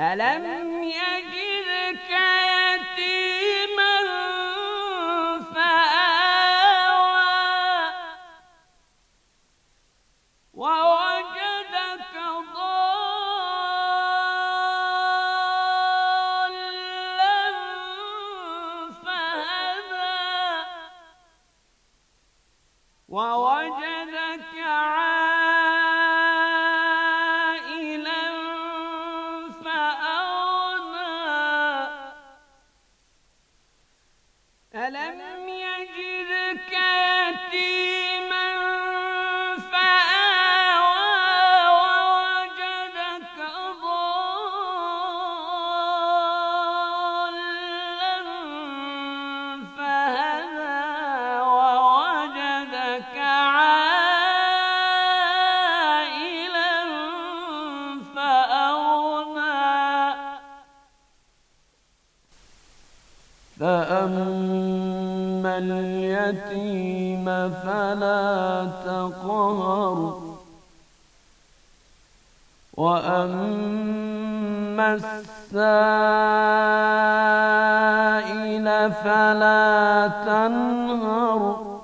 ألم يجدك يتيما فلا تقهر وأما السائل فلا تنهر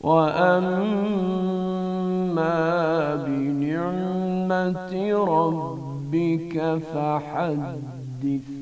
وأما بنعمة ربك فحدث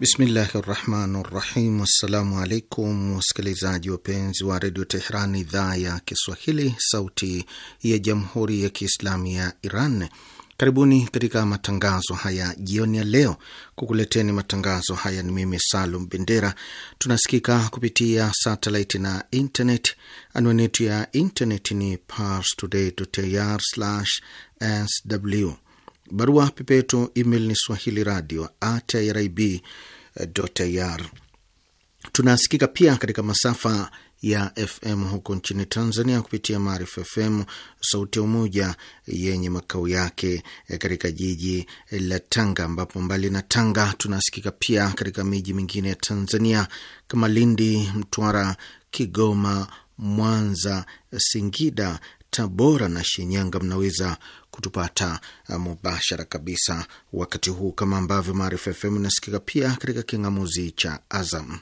Bismillahi rahmani rahim. Assalamu alaikum wasikilizaji wapenzi wa redio Tehran, idhaa ya Kiswahili, sauti ya jamhuri ya kiislamu ya Iran. Karibuni katika matangazo haya jioni ya leo. Kukuleteni matangazo haya ni mimi Salum Bendera. Tunasikika kupitia satellite na internet. Anwani yetu ya internet ni parstoday.ir/sw Barua pepe yetu email ni swahili radio at irib.ir. Tunasikika pia katika masafa ya FM huko nchini Tanzania kupitia Maarifa FM sauti ya Umoja yenye makao yake katika jiji la Tanga, ambapo mbali na Tanga tunasikika pia katika miji mingine ya Tanzania kama Lindi, Mtwara, Kigoma, Mwanza, Singida Tabora na Shinyanga, mnaweza kutupata uh, mubashara kabisa wakati huu, kama ambavyo Maarifa FM inasikika pia katika king'amuzi cha Azam.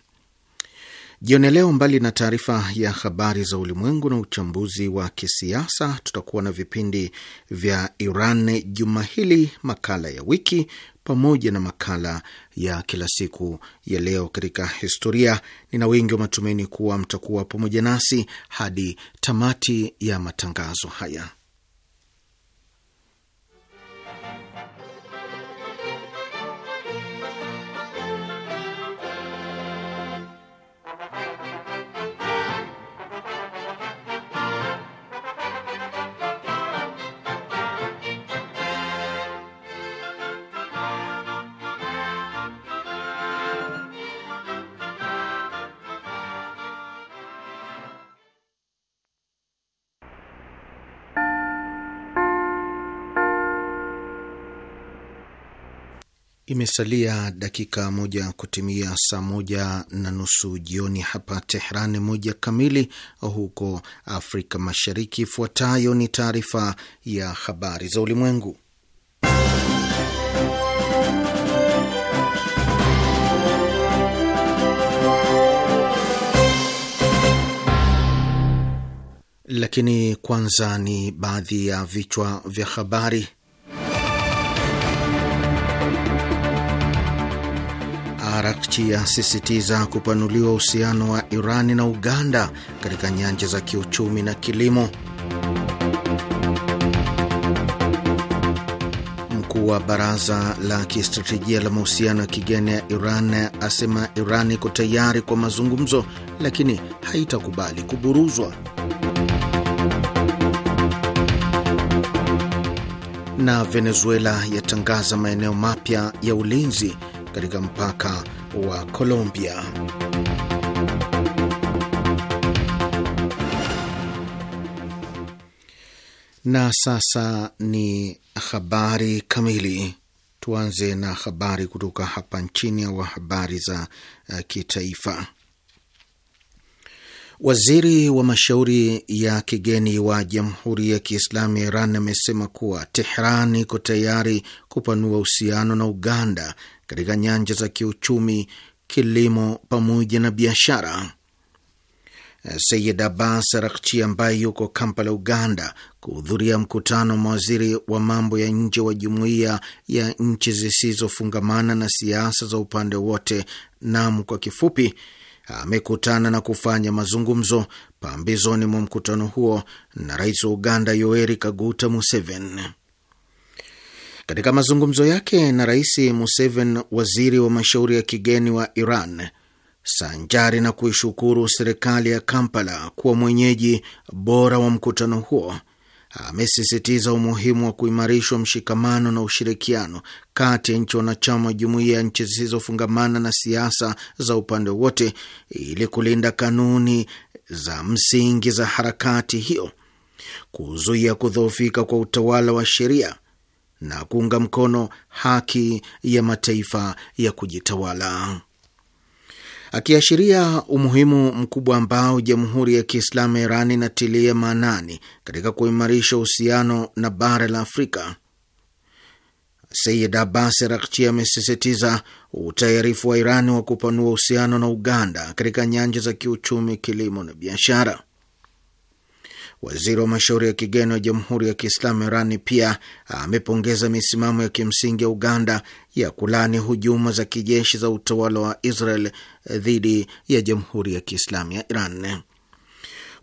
Jioni leo, mbali na taarifa ya habari za ulimwengu na uchambuzi wa kisiasa, tutakuwa na vipindi vya Iran juma hili, makala ya wiki pamoja na makala ya kila siku ya leo katika historia. Nina wingi wa matumaini kuwa mtakuwa pamoja nasi hadi tamati ya matangazo haya. Imesalia dakika moja kutimia saa moja na nusu jioni hapa Tehran, moja kamili huko Afrika Mashariki. Ifuatayo ni taarifa ya habari za ulimwengu, lakini kwanza ni baadhi ya vichwa vya habari. Arakchi yasisitiza kupanuliwa uhusiano wa Irani na Uganda katika nyanja za kiuchumi na kilimo. Mkuu wa baraza la kistratejia la mahusiano ya kigeni ya Iran asema Iran iko tayari kwa mazungumzo, lakini haitakubali kuburuzwa. Na Venezuela yatangaza maeneo mapya ya ulinzi katika mpaka wa Colombia. Na sasa ni habari kamili. Tuanze na habari kutoka hapa nchini au habari za uh, kitaifa. Waziri wa mashauri ya kigeni wa Jamhuri ya Kiislamu ya Iran amesema kuwa Tehran iko tayari kupanua uhusiano na Uganda katika nyanja za kiuchumi, kilimo pamoja na biashara. Sayid Abbas Arakchi ambaye yuko Kampala, Uganda, kuhudhuria mkutano wa mawaziri wa mambo ya nje wa jumuiya ya nchi zisizofungamana na siasa za upande wote, nam kwa kifupi, amekutana na kufanya mazungumzo pambizoni mwa mkutano huo na rais wa Uganda Yoweri Kaguta Museveni. Katika mazungumzo yake na Rais Museveni, waziri wa mashauri ya kigeni wa Iran, sanjari na kuishukuru serikali ya Kampala kuwa mwenyeji bora wa mkutano huo, amesisitiza umuhimu wa kuimarishwa mshikamano na ushirikiano kati ya nchi wanachama wa jumuiya ya nchi zisizofungamana na siasa za upande wote ili kulinda kanuni za msingi za harakati hiyo, kuzuia kudhoofika kwa utawala wa sheria na kuunga mkono haki ya mataifa ya kujitawala. Akiashiria umuhimu mkubwa ambao Jamhuri ya Kiislamu ya Iran inatilia maanani katika kuimarisha uhusiano na bara la Afrika, Sayid Abbas Rakchi amesisitiza utayarifu wa Iran wa kupanua uhusiano na Uganda katika nyanja za kiuchumi, kilimo na biashara. Waziri wa mashauri ya kigeni wa Jamhuri ya Kiislamu Irani pia amepongeza misimamo ya kimsingi ya Uganda ya kulani hujuma za kijeshi za utawala wa Israel dhidi ya Jamhuri ya Kiislamu ya Iran.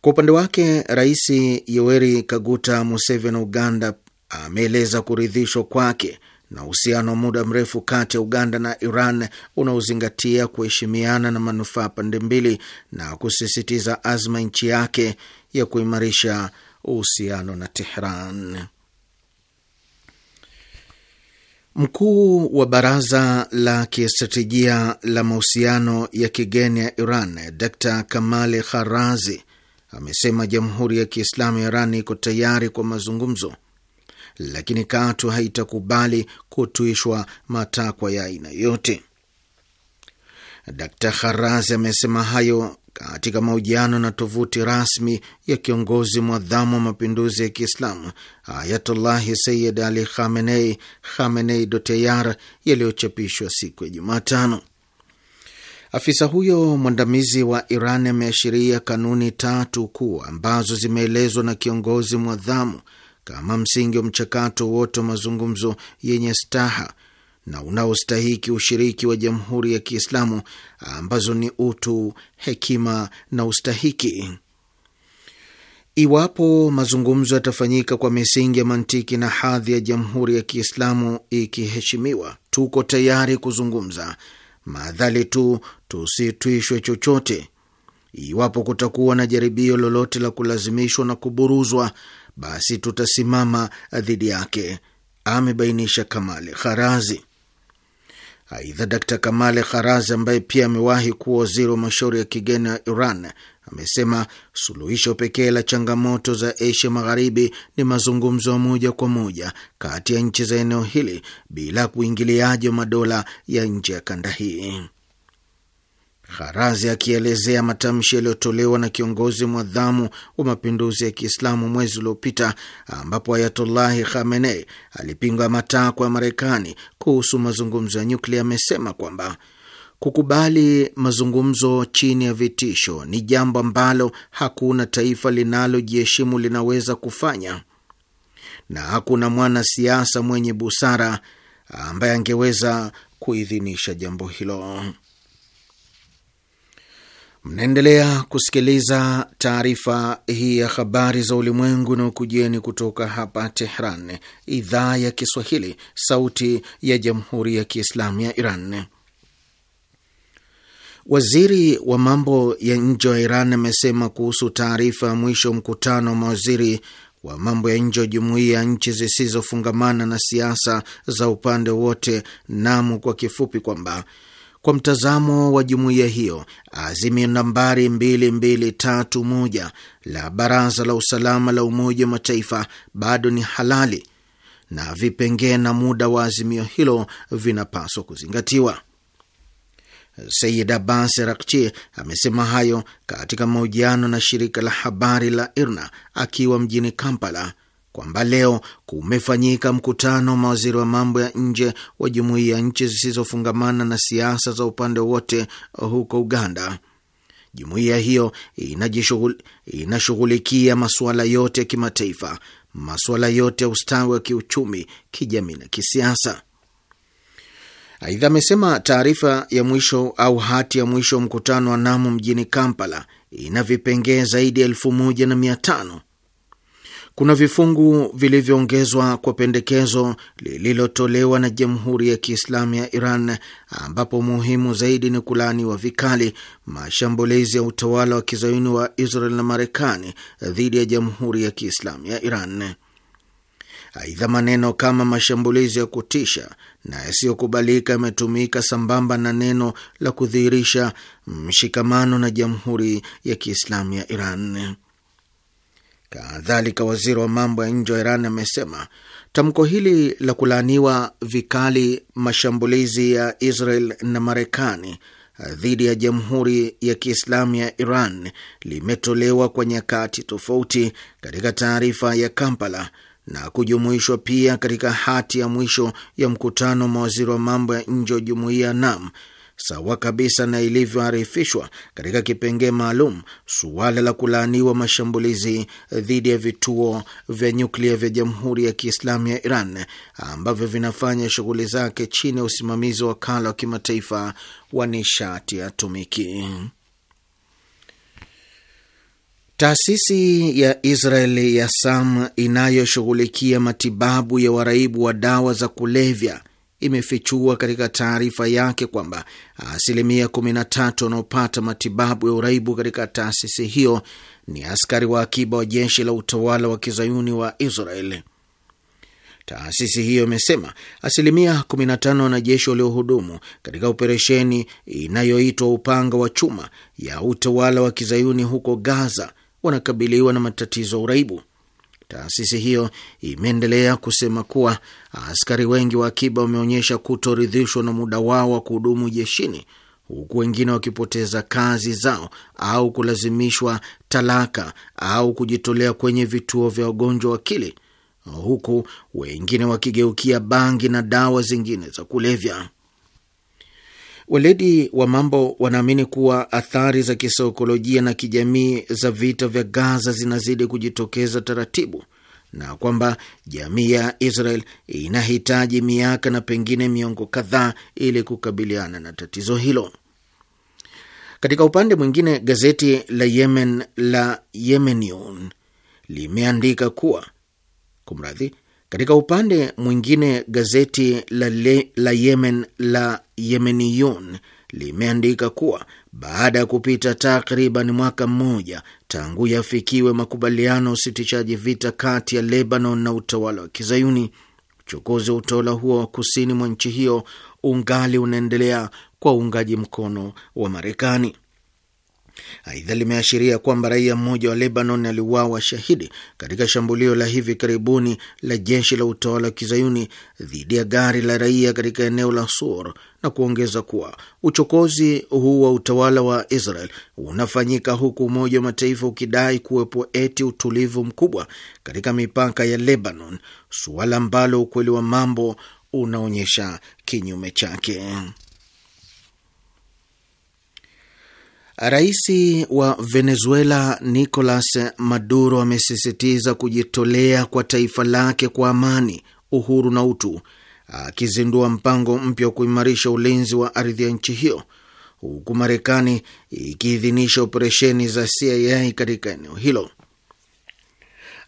Kwa upande wake, Rais Yoweri Kaguta Museveni wa Uganda ameeleza kuridhishwa kwake na uhusiano wa muda mrefu kati ya Uganda na Iran unaozingatia kuheshimiana na manufaa pande mbili na kusisitiza azma nchi yake ya kuimarisha uhusiano na Tehran. Mkuu wa baraza la kistratejia la mahusiano ya kigeni ya Iran Dr Kamali Kharazi amesema Jamhuri ya Kiislamu ya Iran iko tayari kwa mazungumzo, lakini katu haitakubali kutuishwa matakwa ya aina yote. Dr Kharazi amesema hayo katika mahojiano na tovuti rasmi ya kiongozi mwadhamu wa mapinduzi ya Kiislamu Ayatullahi Sayid Ali Khamenei, khamenei.ir, yaliyochapishwa siku ya Jumatano, afisa huyo mwandamizi wa Iran ameashiria kanuni tatu kuu ambazo zimeelezwa na kiongozi mwadhamu kama msingi wa mchakato wote wa mazungumzo yenye staha na unaostahiki ushiriki wa Jamhuri ya Kiislamu ambazo ni utu, hekima na ustahiki. Iwapo mazungumzo yatafanyika kwa misingi ya mantiki na hadhi ya Jamhuri ya Kiislamu ikiheshimiwa, tuko tayari kuzungumza, maadhali tu tusitwishwe chochote. Iwapo kutakuwa na jaribio lolote la kulazimishwa na kuburuzwa, basi tutasimama dhidi yake, amebainisha Kamali Kharazi. Aidha, Dkt Kamale Kharaz ambaye pia amewahi kuwa waziri wa mashauri ya kigeni ya Iran amesema suluhisho pekee la changamoto za Asia Magharibi ni mazungumzo ya moja kwa moja kati ya nchi za eneo hili bila kuingiliaji wa madola ya nje ya kanda hii gharazi akielezea matamshi yaliyotolewa na kiongozi mwadhamu wa mapinduzi ya Kiislamu mwezi uliopita, ambapo Ayatullahi Khamenei alipinga matakwa ya Marekani kuhusu mazungumzo ya nyuklia, amesema kwamba kukubali mazungumzo chini ya vitisho ni jambo ambalo hakuna taifa linalojiheshimu linaweza kufanya na hakuna mwanasiasa mwenye busara ambaye angeweza kuidhinisha jambo hilo. Mnaendelea kusikiliza taarifa hii ya habari za ulimwengu na ukujieni kutoka hapa Tehran, idhaa ya Kiswahili, sauti ya jamhuri ya kiislamu ya Iran. Waziri wa mambo ya nje wa Iran amesema kuhusu taarifa ya mwisho mkutano wa mawaziri wa mambo ya nje wa jumuiya ya nchi zisizofungamana na siasa za upande wote, namu kwa kifupi, kwamba kwa mtazamo wa jumuiya hiyo, azimio nambari 2231 la Baraza la Usalama la Umoja wa Mataifa bado ni halali na vipengee na muda wa azimio hilo vinapaswa kuzingatiwa. Sayid Abbas Rakchi amesema hayo katika mahojiano na shirika la habari la IRNA akiwa mjini Kampala kwamba leo kumefanyika mkutano wa mawaziri wa mambo ya nje wa jumuiya ya nchi zisizofungamana na siasa za upande wote huko Uganda. Jumuiya hiyo inashughulikia masuala yote ya kimataifa, masuala yote ya ustawi wa kiuchumi, kijamii na kisiasa. Aidha, amesema taarifa ya mwisho au hati ya mwisho wa mkutano wa Namu mjini Kampala ina vipengee zaidi ya elfu moja na mia tano kuna vifungu vilivyoongezwa kwa pendekezo lililotolewa na Jamhuri ya Kiislamu ya Iran, ambapo muhimu zaidi ni kulaaniwa vikali mashambulizi ya utawala wa kizayuni wa Israel na Marekani dhidi ya Jamhuri ya Kiislamu ya Iran. Aidha, maneno kama mashambulizi ya kutisha na yasiyokubalika yametumika sambamba na neno la kudhihirisha mshikamano na Jamhuri ya Kiislamu ya Iran. Kadhalika, waziri wa mambo ya nje wa Iran amesema tamko hili la kulaaniwa vikali mashambulizi ya Israel na Marekani eh, dhidi ya Jamhuri ya Kiislamu ya Iran limetolewa kwa nyakati tofauti katika taarifa ya Kampala na kujumuishwa pia katika hati ya mwisho ya mkutano wa mawaziri wa mambo ya nje wa jumuiya NAM sawa kabisa na ilivyoarifishwa katika kipengee maalum suala la kulaaniwa mashambulizi dhidi ya vituo vya nyuklia vya Jamhuri ya Kiislamu ya Iran ambavyo vinafanya shughuli zake chini ya usimamizi wa wakala wa kimataifa wa nishati ya atomiki. Taasisi ya Israeli ya Sam inayoshughulikia matibabu ya waraibu wa dawa za kulevya imefichua katika taarifa yake kwamba asilimia 13 wanaopata matibabu ya uraibu katika taasisi hiyo ni askari wa akiba wa jeshi la utawala wa kizayuni wa Israeli. Taasisi hiyo imesema asilimia 15 wanajeshi waliohudumu katika operesheni inayoitwa Upanga wa Chuma ya utawala wa kizayuni huko Gaza wanakabiliwa na matatizo ya uraibu. Taasisi hiyo imeendelea kusema kuwa askari wengi wa akiba wameonyesha kutoridhishwa na muda wao wa kuhudumu jeshini huku wengine wakipoteza kazi zao au kulazimishwa talaka au kujitolea kwenye vituo vya wagonjwa wa akili huku wengine wakigeukia bangi na dawa zingine za kulevya. Weledi wa mambo wanaamini kuwa athari za kisaikolojia na kijamii za vita vya Gaza zinazidi kujitokeza taratibu na kwamba jamii ya Israel inahitaji miaka na pengine miongo kadhaa ili kukabiliana na tatizo hilo. Katika upande mwingine, gazeti la Yemen la Yemeniun limeandika kuwa kumradhi, katika upande mwingine, gazeti la, le, la Yemen la Yemeniyun limeandika kuwa baada ya kupita takriban mwaka mmoja tangu yafikiwe makubaliano ya usitishaji vita kati ya Lebanon na utawala wa Kizayuni, uchokozi wa utawala huo wa kusini mwa nchi hiyo ungali unaendelea kwa uungaji mkono wa Marekani. Aidha, limeashiria kwamba raia mmoja wa Lebanon aliuawa shahidi katika shambulio la hivi karibuni la jeshi la utawala wa kizayuni dhidi ya gari la raia katika eneo la Sur na kuongeza kuwa uchokozi huu wa utawala wa Israel unafanyika huku Umoja wa Mataifa ukidai kuwepo eti utulivu mkubwa katika mipaka ya Lebanon, suala ambalo ukweli wa mambo unaonyesha kinyume chake. Rais wa Venezuela Nicolas Maduro amesisitiza kujitolea kwa taifa lake kwa amani, uhuru na utu, akizindua mpango mpya wa kuimarisha ulinzi wa ardhi ya nchi hiyo, huku Marekani ikiidhinisha operesheni za CIA katika eneo hilo.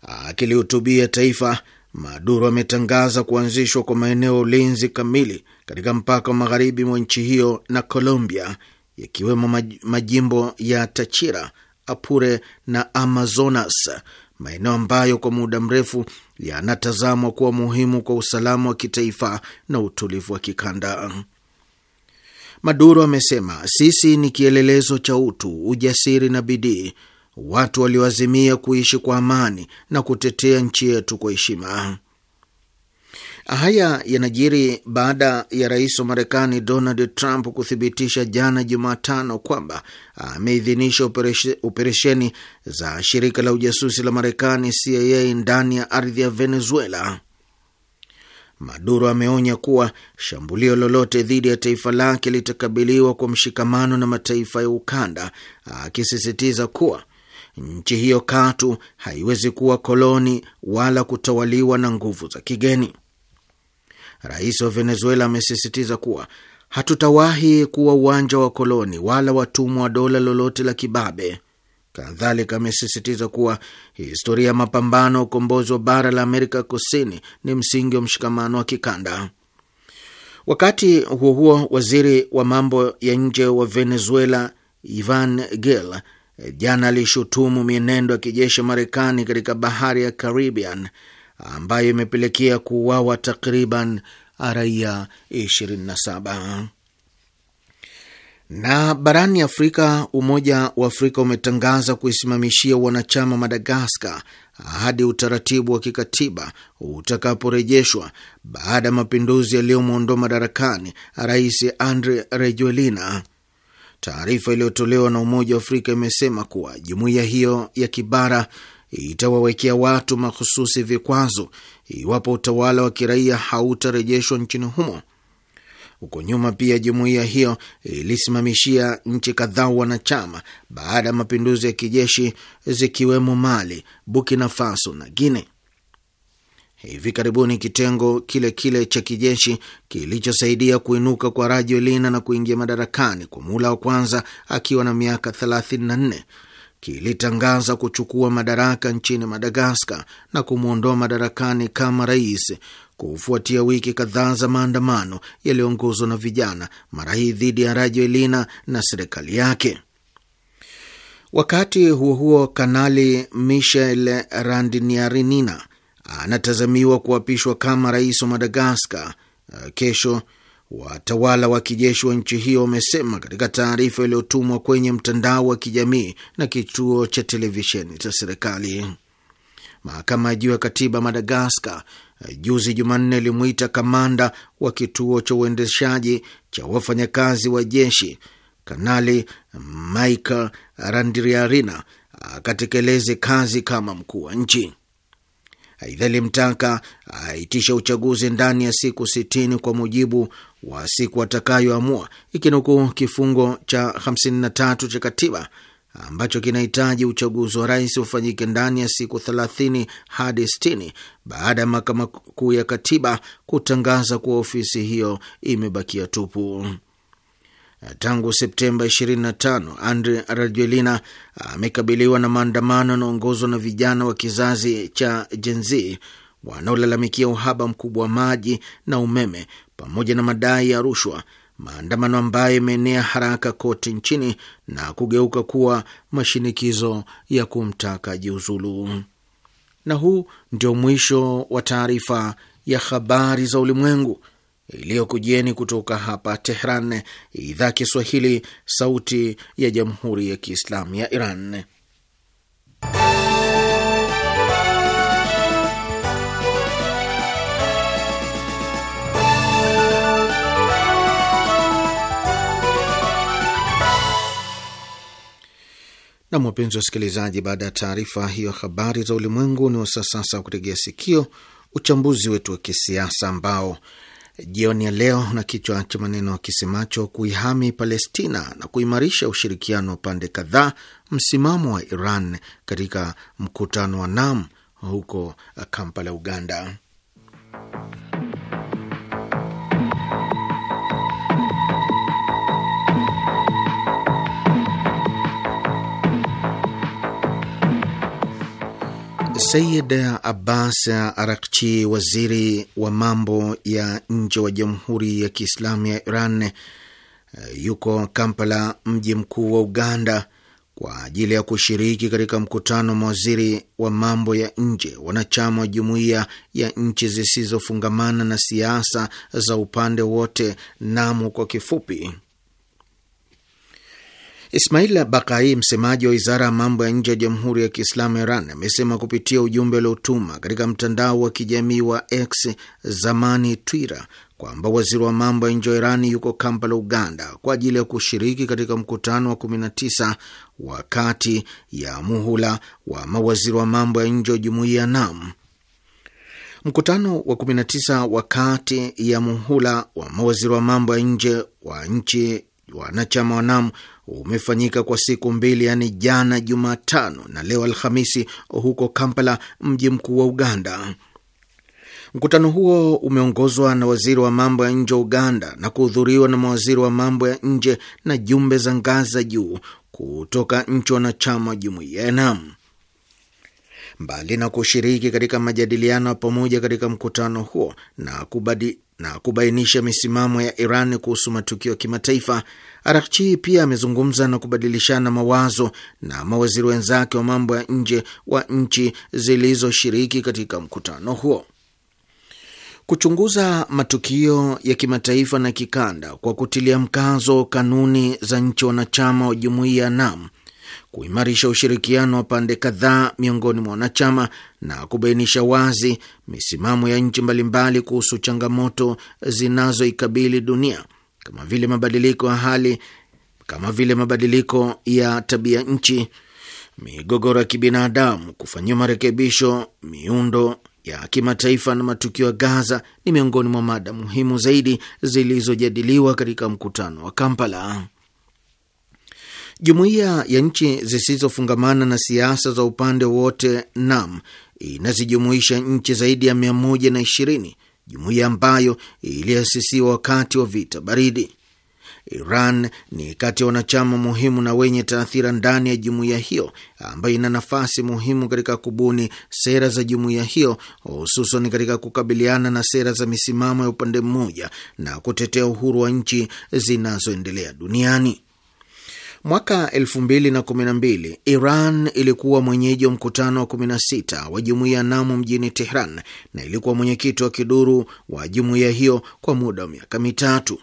Akilihutubia taifa, Maduro ametangaza kuanzishwa kwa maeneo ya ulinzi kamili katika mpaka wa magharibi mwa nchi hiyo na Colombia yakiwemo majimbo ya Tachira, Apure na Amazonas, maeneo ambayo kwa muda mrefu yanatazamwa kuwa muhimu kwa usalama wa kitaifa na utulivu wa kikanda. Maduro amesema, sisi ni kielelezo cha utu, ujasiri na bidii, watu walioazimia kuishi kwa amani na kutetea nchi yetu kwa heshima. Haya yanajiri baada ya rais wa Marekani Donald Trump kuthibitisha jana Jumatano kwamba ameidhinisha operesheni za shirika la ujasusi la Marekani CIA ndani ya ardhi ya Venezuela. Maduro ameonya kuwa shambulio lolote dhidi ya taifa lake litakabiliwa kwa mshikamano na mataifa ya ukanda, akisisitiza kuwa nchi hiyo katu haiwezi kuwa koloni wala kutawaliwa na nguvu za kigeni. Rais wa Venezuela amesisitiza kuwa hatutawahi kuwa uwanja wa koloni wala watumwa wa dola lolote la kibabe. Kadhalika amesisitiza kuwa historia ya mapambano ya ukombozi wa bara la Amerika Kusini ni msingi wa mshikamano wa kikanda. Wakati huo huo, waziri wa mambo ya nje wa Venezuela Ivan Gil jana alishutumu mienendo ya kijeshi ya Marekani katika bahari ya Caribbean ambayo imepelekea kuuawa takriban raia 27. Na barani Afrika, Umoja wa Afrika umetangaza kuisimamishia wanachama Madagaskar hadi utaratibu wa kikatiba utakaporejeshwa baada ya mapinduzi yaliyomwondoa madarakani Rais Andre Rajoelina. Taarifa iliyotolewa na Umoja wa Afrika imesema kuwa jumuiya hiyo ya kibara itawawekea watu mahususi vikwazo iwapo utawala wa kiraia hautarejeshwa nchini humo. Huko nyuma pia jumuiya hiyo ilisimamishia nchi kadhaa wanachama baada ya mapinduzi ya kijeshi zikiwemo Mali, Burkina Faso na guine Hivi karibuni kitengo kile kile cha kijeshi kilichosaidia kuinuka kwa Rajoelina na kuingia madarakani kwa muhula wa kwanza akiwa na miaka 34 kilitangaza kuchukua madaraka nchini Madagaskar na kumwondoa madarakani kama rais kufuatia wiki kadhaa za maandamano yaliyoongozwa na vijana, mara hii dhidi ya Rajoelina na serikali yake. Wakati huo huo, Kanali Michel Randrianirina anatazamiwa kuapishwa kama rais wa Madagaskar eh, kesho Watawala wa kijeshi wa nchi hiyo wamesema katika taarifa iliyotumwa kwenye mtandao wa kijamii na kituo cha televisheni cha serikali. Mahakama ya juu ya katiba Madagaskar eh, juzi Jumanne ilimwita kamanda wa kituo cha uendeshaji cha wafanyakazi wa jeshi Kanali Michael Randriarina akatekeleze kazi kama mkuu wa nchi. Aidha, alimtaka aitishe uchaguzi ndani ya siku sitini kwa mujibu wa siku atakayoamua, ikinukuu kifungo cha 53 cha katiba ambacho kinahitaji uchaguzi wa rais ufanyike ndani ya siku 30 hadi 60 baada ya mahakama kuu ya katiba kutangaza kuwa ofisi hiyo imebakia tupu. Eh, tangu Septemba 25 Andre Rajoelina amekabiliwa na maandamano yanaongozwa na vijana wa kizazi cha Gen Z wanaolalamikia uhaba mkubwa wa maji na umeme pamoja na madai ya rushwa, maandamano ambayo yameenea haraka kote nchini na kugeuka kuwa mashinikizo ya kumtaka jiuzulu. Na huu ndio mwisho wa taarifa ya habari za ulimwengu iliyokujieni kutoka hapa Tehran, idhaa Kiswahili, sauti ya jamhuri ya kiislamu ya Iran. Nam, wapenzi wasikilizaji, baada ya taarifa hiyo habari za ulimwengu, ni wasaa sasa wa kutegea sikio uchambuzi wetu wa kisiasa ambao jioni ya leo na kichwa cha maneno kisemacho kuihami Palestina na kuimarisha ushirikiano wa pande kadhaa, msimamo wa Iran katika mkutano wa NAM huko Kampala, Uganda. Sayid Abbas Arakchi, waziri wa mambo ya nje wa Jamhuri ya Kiislamu ya Iran, yuko Kampala, mji mkuu wa Uganda, kwa ajili ya kushiriki katika mkutano wa mawaziri wa mambo ya nje wanachama wa Jumuiya ya Nchi Zisizofungamana na Siasa za Upande Wote, NAMU kwa kifupi. Ismail Bakai, msemaji wa wizara ya mambo ya nje ya Jamhuri ya Kiislamu Iran, amesema kupitia ujumbe uliotuma katika mtandao wa kijamii wa X zamani Twitter kwamba waziri wa mambo ya nje wa Irani yuko Kampala, Uganda, kwa ajili ya kushiriki katika mkutano wa 19 wa kati ya muhula wa mawaziri wa mambo ya nje wa jumuiya ya NAM. Mkutano wa 19 wa kati ya muhula wa mawaziri wa mambo ya nje wa nchi wanachama wa NAM umefanyika kwa siku mbili, yaani jana Jumatano na leo Alhamisi, huko Kampala, mji mkuu wa Uganda. Mkutano huo umeongozwa na waziri wa mambo ya nje wa Uganda na kuhudhuriwa na mawaziri wa mambo ya nje na jumbe za ngazi za juu kutoka nchi wanachama wa jumuiya ya NAM. Mbali na kushiriki katika majadiliano ya pamoja katika mkutano huo na kubadi, na kubainisha misimamo ya Iran kuhusu matukio ya kimataifa, Arakchi pia amezungumza na kubadilishana mawazo na mawaziri wenzake wa mambo ya nje wa nchi zilizoshiriki katika mkutano huo. Kuchunguza matukio ya kimataifa na kikanda kwa kutilia mkazo kanuni za nchi wanachama wa jumuiya ya NAM, kuimarisha ushirikiano wa pande kadhaa miongoni mwa wanachama na kubainisha wazi misimamo ya nchi mbalimbali kuhusu changamoto zinazoikabili dunia kama vile mabadiliko ya hali kama vile mabadiliko ya tabia nchi, migogoro ya kibinadamu, kufanyiwa marekebisho miundo ya kimataifa na matukio ya Gaza ni miongoni mwa mada muhimu zaidi zilizojadiliwa katika mkutano wa Kampala. Jumuiya ya nchi zisizofungamana na siasa za upande wote NAM inazijumuisha nchi zaidi ya mia moja na ishirini jumuiya ambayo iliasisiwa wakati wa vita baridi. Iran ni kati ya wanachama muhimu na wenye taathira ndani ya jumuiya hiyo ambayo ina nafasi muhimu katika kubuni sera za jumuiya hiyo, hususan katika kukabiliana na sera za misimamo ya upande mmoja na kutetea uhuru wa nchi zinazoendelea duniani. Mwaka 2012 Iran ilikuwa mwenyeji wa mkutano wa 16 wa jumuiya Namu mjini Tehran na ilikuwa mwenyekiti wa kiduru wa jumuiya hiyo kwa muda wa miaka mitatu.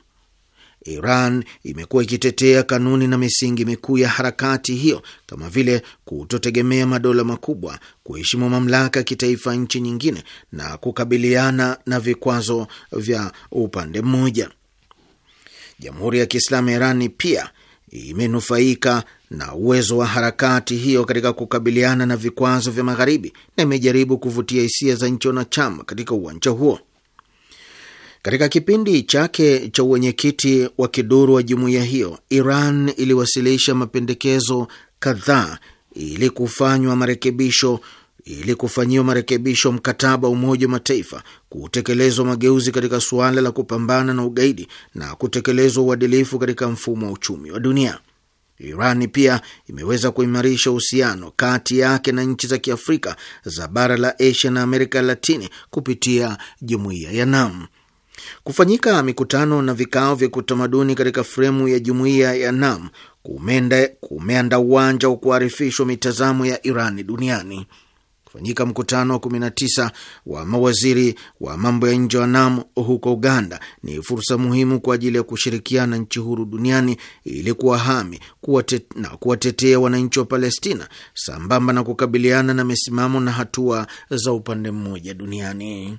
Iran imekuwa ikitetea kanuni na misingi mikuu ya harakati hiyo kama vile kutotegemea madola makubwa, kuheshimu mamlaka ya kitaifa nchi nyingine na kukabiliana na vikwazo vya upande mmoja. Jamhuri ya Kiislamu ya Irani pia imenufaika na uwezo wa harakati hiyo katika kukabiliana na vikwazo vya Magharibi na imejaribu kuvutia hisia za nchi wanachama katika uwanja huo. Katika kipindi chake cha uwenyekiti wa kiduru wa jumuiya hiyo, Iran iliwasilisha mapendekezo kadhaa ili kufanywa marekebisho ili kufanyiwa marekebisho mkataba wa Umoja wa Mataifa, kutekelezwa mageuzi katika suala la kupambana na ugaidi na kutekelezwa uadilifu katika mfumo wa uchumi wa dunia. iran pia imeweza kuimarisha uhusiano kati yake na nchi za Kiafrika za bara la Asia na Amerika Latini kupitia jumuiya ya NAM. Kufanyika mikutano na vikao vya kiutamaduni katika fremu ya jumuiya ya NAM kumeanda uwanja wa kuarifishwa mitazamo ya iran duniani kufanyika mkutano wa 19 wa mawaziri wa mambo ya nje wa NAM huko Uganda ni fursa muhimu kwa ajili ya kushirikiana nchi huru duniani ili kuwahami na kuwatetea wananchi wa Palestina sambamba na kukabiliana na misimamo na hatua za upande mmoja duniani.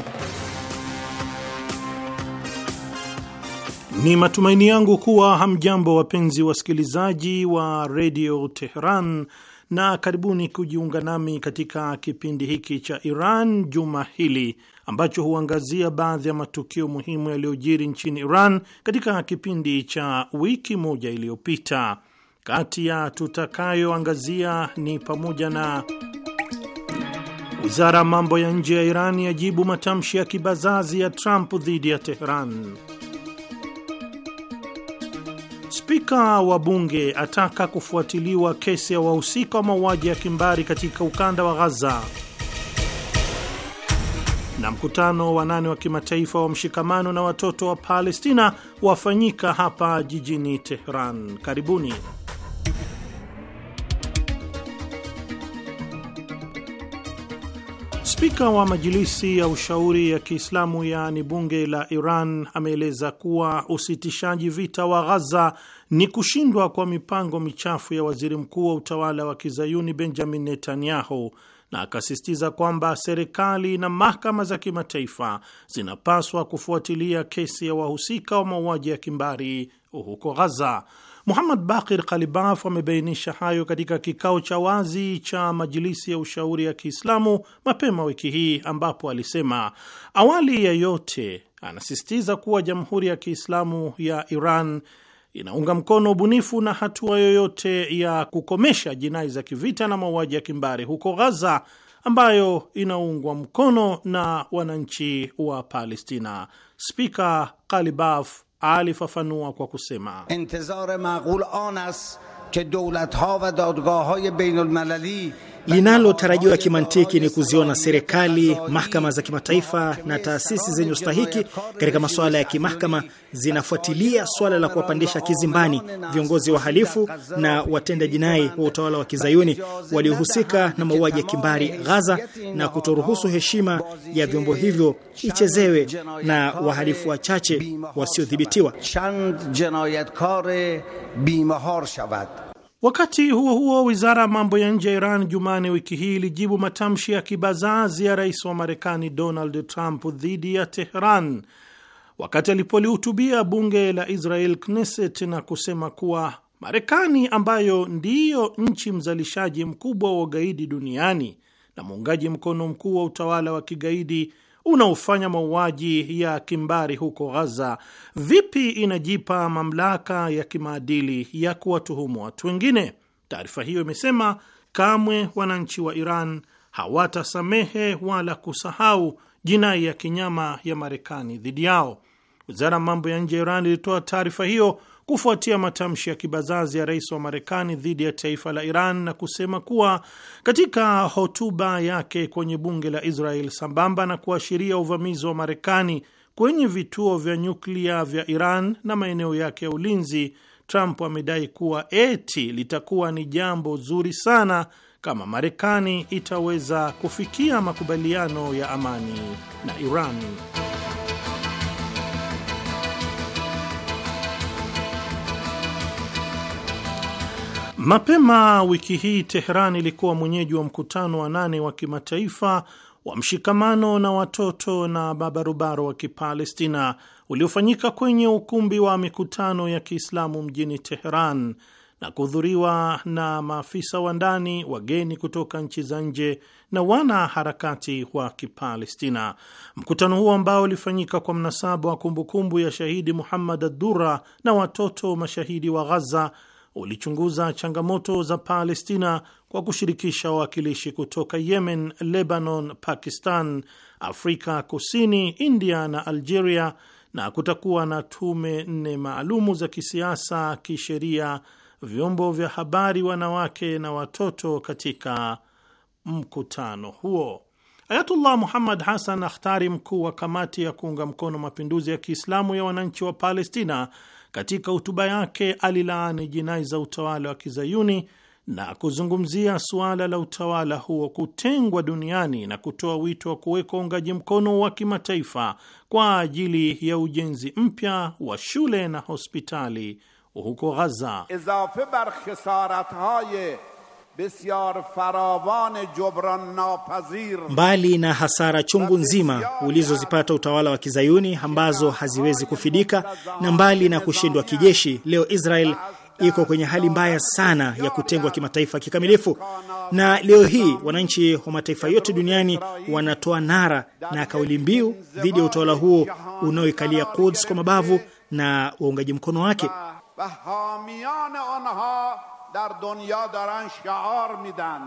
Ni matumaini yangu kuwa hamjambo wapenzi wasikilizaji wa redio Teheran, na karibuni kujiunga nami katika kipindi hiki cha Iran juma hili ambacho huangazia baadhi ya matukio muhimu yaliyojiri nchini Iran katika kipindi cha wiki moja iliyopita. Kati ya tutakayoangazia ni pamoja na wizara ya mambo ya nje ya Iran yajibu matamshi ya kibazazi ya Trump dhidi ya Teheran Spika wa bunge ataka kufuatiliwa kesi ya wahusika wa mauaji ya kimbari katika ukanda wa Ghaza. Na mkutano wa nane wa kimataifa wa mshikamano na watoto wa Palestina wafanyika hapa jijini Tehran. Karibuni. Spika wa Majilisi ya Ushauri ya Kiislamu yaani bunge la Iran ameeleza kuwa usitishaji vita wa Ghaza ni kushindwa kwa mipango michafu ya waziri mkuu wa utawala wa kizayuni Benjamin Netanyahu, na akasisitiza kwamba serikali na mahakama za kimataifa zinapaswa kufuatilia kesi ya wahusika wa mauaji ya kimbari huko Ghaza. Muhammad Bakir Kalibaf amebainisha hayo katika kikao cha wazi cha Majilisi ya Ushauri ya Kiislamu mapema wiki hii, ambapo alisema awali ya yote anasisitiza kuwa Jamhuri ya Kiislamu ya Iran inaunga mkono ubunifu na hatua yoyote ya kukomesha jinai za kivita na mauaji ya kimbari huko Ghaza ambayo inaungwa mkono na wananchi wa Palestina. Spika Kalibaf alifafanua kwa kusema intizar maqul an ast ke doulatha wa dadgahhay bain Linalotarajiwa kimantiki ni kuziona serikali, mahakama za kimataifa na taasisi zenye ustahiki katika masuala ya kimahakama zinafuatilia suala la kuwapandisha kizimbani viongozi wa halifu na watenda jinai wa utawala wa kizayuni waliohusika na mauaji ya kimbari Ghaza na kutoruhusu heshima ya vyombo hivyo ichezewe na wahalifu wachache wasiodhibitiwa. Wakati huo huo, wizara ya mambo ya nje ya Iran Jumane wiki hii ilijibu matamshi ya kibazazi ya rais wa Marekani Donald Trump dhidi ya Tehran wakati alipolihutubia bunge la Israel Knesset na kusema kuwa Marekani ambayo ndiyo nchi mzalishaji mkubwa wa ugaidi duniani na muungaji mkono mkuu wa utawala wa kigaidi unaofanya mauaji ya kimbari huko Ghaza, vipi inajipa mamlaka ya kimaadili ya kuwatuhumu watu wengine? Taarifa hiyo imesema kamwe wananchi wa Iran hawatasamehe wala kusahau jinai ya kinyama ya Marekani dhidi yao. Wizara ya mambo ya nje ya Iran ilitoa taarifa hiyo kufuatia matamshi ya kibazazi ya rais wa Marekani dhidi ya taifa la Iran na kusema kuwa katika hotuba yake kwenye bunge la Israel, sambamba na kuashiria uvamizi wa Marekani kwenye vituo vya nyuklia vya Iran na maeneo yake ya ulinzi, Trump amedai kuwa eti litakuwa ni jambo zuri sana kama Marekani itaweza kufikia makubaliano ya amani na Iran. Mapema wiki hii teheran ilikuwa mwenyeji wa mkutano wa nane wa kimataifa wa mshikamano na watoto na babarubaro wa Kipalestina uliofanyika kwenye ukumbi wa mikutano ya Kiislamu mjini Teheran na kuhudhuriwa na maafisa wa ndani, wageni kutoka nchi za nje na wana harakati wa Kipalestina. Mkutano huo ambao ulifanyika kwa mnasaba wa kumbukumbu ya shahidi Muhammad Addura na watoto mashahidi wa Ghaza ulichunguza changamoto za Palestina kwa kushirikisha wawakilishi kutoka Yemen, Lebanon, Pakistan, Afrika Kusini, India na Algeria, na kutakuwa na tume nne maalumu za kisiasa, kisheria, vyombo vya habari, wanawake na watoto katika mkutano huo. Ayatullah Muhammad Hassan Akhtari, mkuu wa kamati ya kuunga mkono mapinduzi ya Kiislamu ya wananchi wa Palestina, katika hotuba yake alilaani jinai za utawala wa kizayuni na kuzungumzia suala la utawala huo kutengwa duniani na kutoa wito wa kuweka uungaji mkono wa kimataifa kwa ajili ya ujenzi mpya wa shule na hospitali huko Ghaza. بسیار فراوان جبران ناپذیر. Mbali na hasara chungu nzima ulizozipata utawala wa kizayuni ambazo haziwezi kufidika, na mbali na kushindwa kijeshi, leo Israel iko kwenye hali mbaya sana ya kutengwa kimataifa kikamilifu, na leo hii wananchi wa mataifa yote duniani wanatoa nara na kauli mbiu dhidi ya utawala huo unaoikalia Quds kwa mabavu na waungaji mkono wake dar dunya daran shiar midan.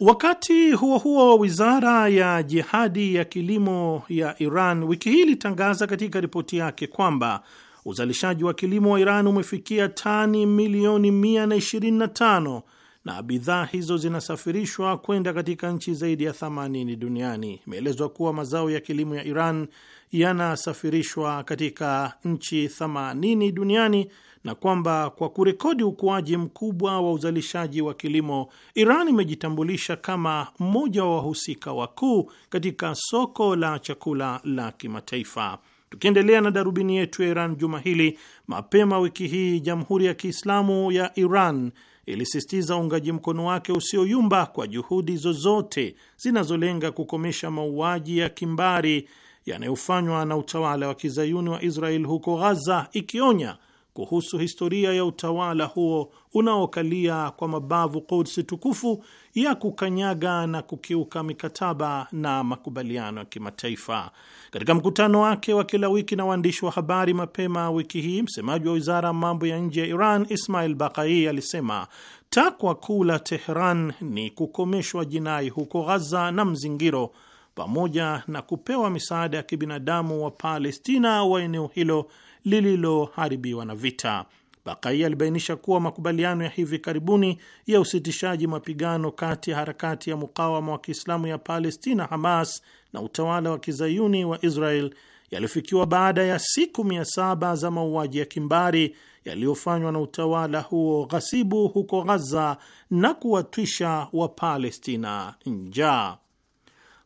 Wakati huo huo, wizara ya jihadi ya kilimo ya Iran wiki hii ilitangaza katika ripoti yake kwamba uzalishaji wa kilimo wa Iran umefikia tani milioni 125 na bidhaa hizo zinasafirishwa kwenda katika nchi zaidi ya 80 duniani. Imeelezwa kuwa mazao ya kilimo ya Iran yanasafirishwa katika nchi 80 duniani na kwamba kwa kurekodi ukuaji mkubwa wa uzalishaji wa kilimo, Iran imejitambulisha kama mmoja wa wahusika wakuu katika soko la chakula la kimataifa. Tukiendelea na darubini yetu ya Iran juma hili, mapema wiki hii, Jamhuri ya Kiislamu ya Iran ilisisitiza uungaji mkono wake usioyumba kwa juhudi zozote zinazolenga kukomesha mauaji ya kimbari yanayofanywa na utawala wa kizayuni wa Israel huko Ghaza, ikionya kuhusu historia ya utawala huo unaokalia kwa mabavu Quds tukufu ya kukanyaga na kukiuka mikataba na makubaliano ya kimataifa. Katika mkutano wake wa kila wiki na waandishi wa habari mapema wiki hii, msemaji wa wizara ya mambo ya nje ya Iran Ismail Bakai alisema takwa kuu la Tehran ni kukomeshwa jinai huko Ghaza na mzingiro pamoja na kupewa misaada ya kibinadamu wa Palestina wa eneo hilo lililoharibiwa na vita. Bakai alibainisha kuwa makubaliano ya hivi karibuni ya usitishaji mapigano kati ya harakati ya mukawama wa Kiislamu ya Palestina, Hamas, na utawala wa kizayuni wa Israel yalifikiwa baada ya siku mia saba za mauaji ya kimbari yaliyofanywa na utawala huo ghasibu huko Ghaza na kuwatwisha Wapalestina njaa.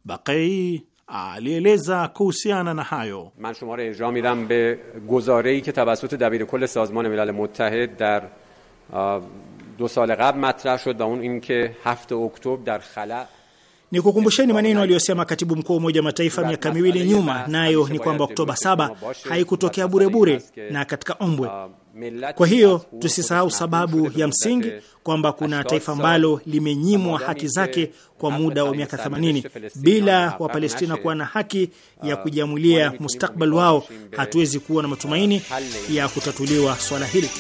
Bakai alieleza kuhusiana na hayo. man shumare irja midam be gozarei ke tabasut dabir kol sazman milal muttahid dar do sal qabl matrah shod va un in ke 7 oktober dar khala ni kukumbusheni maneno aliyosema katibu mkuu wa Umoja wa Mataifa miaka miwili nyuma, nayo ni kwamba Oktoba saba haikutokea burebure na katika ombwe. Kwa hiyo tusisahau sababu ya msingi kwamba kuna taifa ambalo limenyimwa haki zake kwa muda wa miaka 80 bila Wapalestina kuwa na haki uh, ya kujiamulia mustakbal wao, hatuwezi kuwa na matumaini ya kutatuliwa swala hili.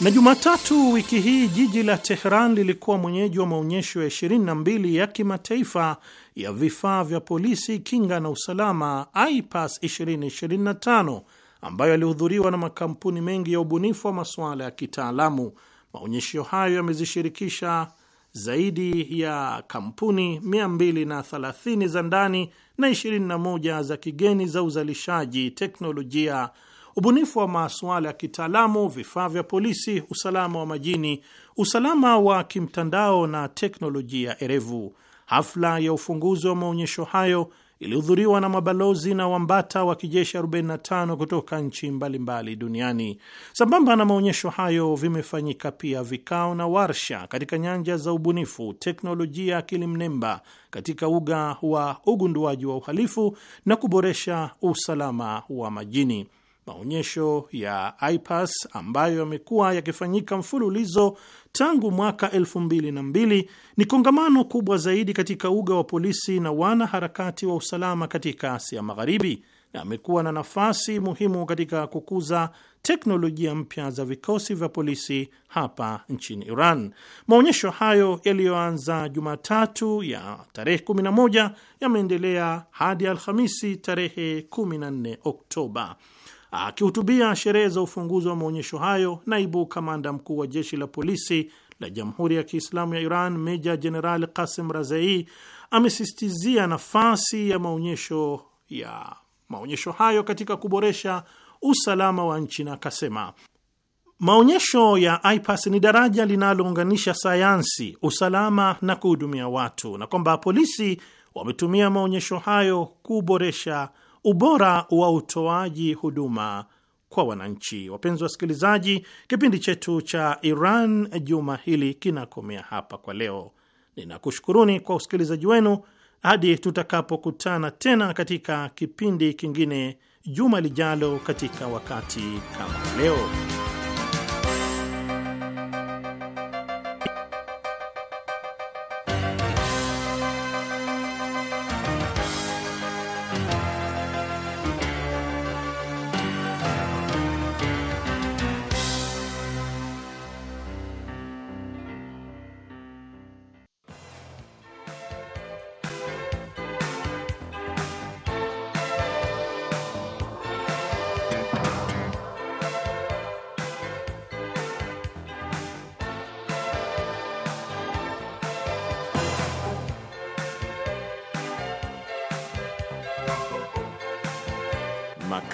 Na Jumatatu wiki hii jiji la Tehran lilikuwa mwenyeji wa maonyesho ya 22 ya kimataifa ya vifaa vya polisi, kinga na usalama, IPAS 2025 ambayo yalihudhuriwa na makampuni mengi ya ubunifu wa masuala ya kitaalamu. Maonyesho hayo yamezishirikisha zaidi ya kampuni 230 za ndani na 21 za kigeni za uzalishaji, teknolojia, ubunifu wa masuala ya kitaalamu, vifaa vya polisi, usalama wa majini, usalama wa kimtandao na teknolojia erevu. Hafla ya ufunguzi wa maonyesho hayo ilihudhuriwa na mabalozi na wambata wa kijeshi 45 kutoka nchi mbalimbali duniani. Sambamba na maonyesho hayo, vimefanyika pia vikao na warsha katika nyanja za ubunifu, teknolojia, akili mnemba katika uga wa ugunduaji wa uhalifu na kuboresha usalama wa majini. Maonyesho ya IPAS ambayo yamekuwa yakifanyika mfululizo tangu mwaka elfu mbili na mbili ni kongamano kubwa zaidi katika uga wa polisi na wanaharakati wa usalama katika Asia Magharibi, na amekuwa na nafasi muhimu katika kukuza teknolojia mpya za vikosi vya polisi hapa nchini Iran. Maonyesho hayo yaliyoanza Jumatatu ya tarehe 11 yameendelea hadi Alhamisi tarehe 14 Oktoba. Akihutubia sherehe za ufunguzi wa maonyesho hayo, naibu kamanda mkuu wa jeshi la polisi la Jamhuri ya Kiislamu ya Iran Meja Jenerali Kasim Razai amesistizia nafasi ya maonyesho ya maonyesho hayo katika kuboresha usalama wa nchi na akasema maonyesho ya IPAS ni daraja linalounganisha sayansi, usalama na kuhudumia watu, na kwamba polisi wametumia maonyesho hayo kuboresha ubora wa utoaji huduma kwa wananchi. Wapenzi wasikilizaji, kipindi chetu cha Iran juma hili kinakomea hapa kwa leo. Ninakushukuruni kwa usikilizaji wenu hadi tutakapokutana tena katika kipindi kingine juma lijalo, katika wakati kama leo.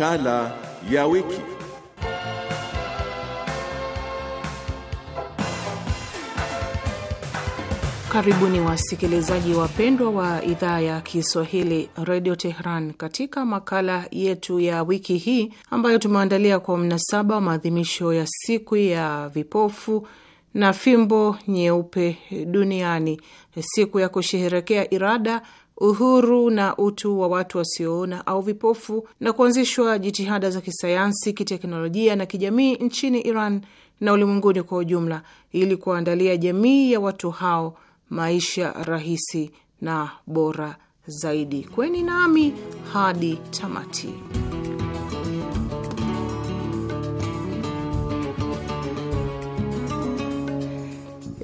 Makala ya wiki. Karibuni wasikilizaji wapendwa wa idhaa ya Kiswahili redio Tehran katika makala yetu ya wiki hii ambayo tumeandalia kwa mnasaba wa maadhimisho ya siku ya vipofu na fimbo nyeupe duniani, siku ya kusherehekea irada uhuru na utu wa watu wasioona au vipofu na kuanzishwa jitihada za kisayansi, kiteknolojia na kijamii nchini Iran na ulimwenguni kwa ujumla ili kuandalia jamii ya watu hao maisha rahisi na bora zaidi. Kweni nami hadi tamati.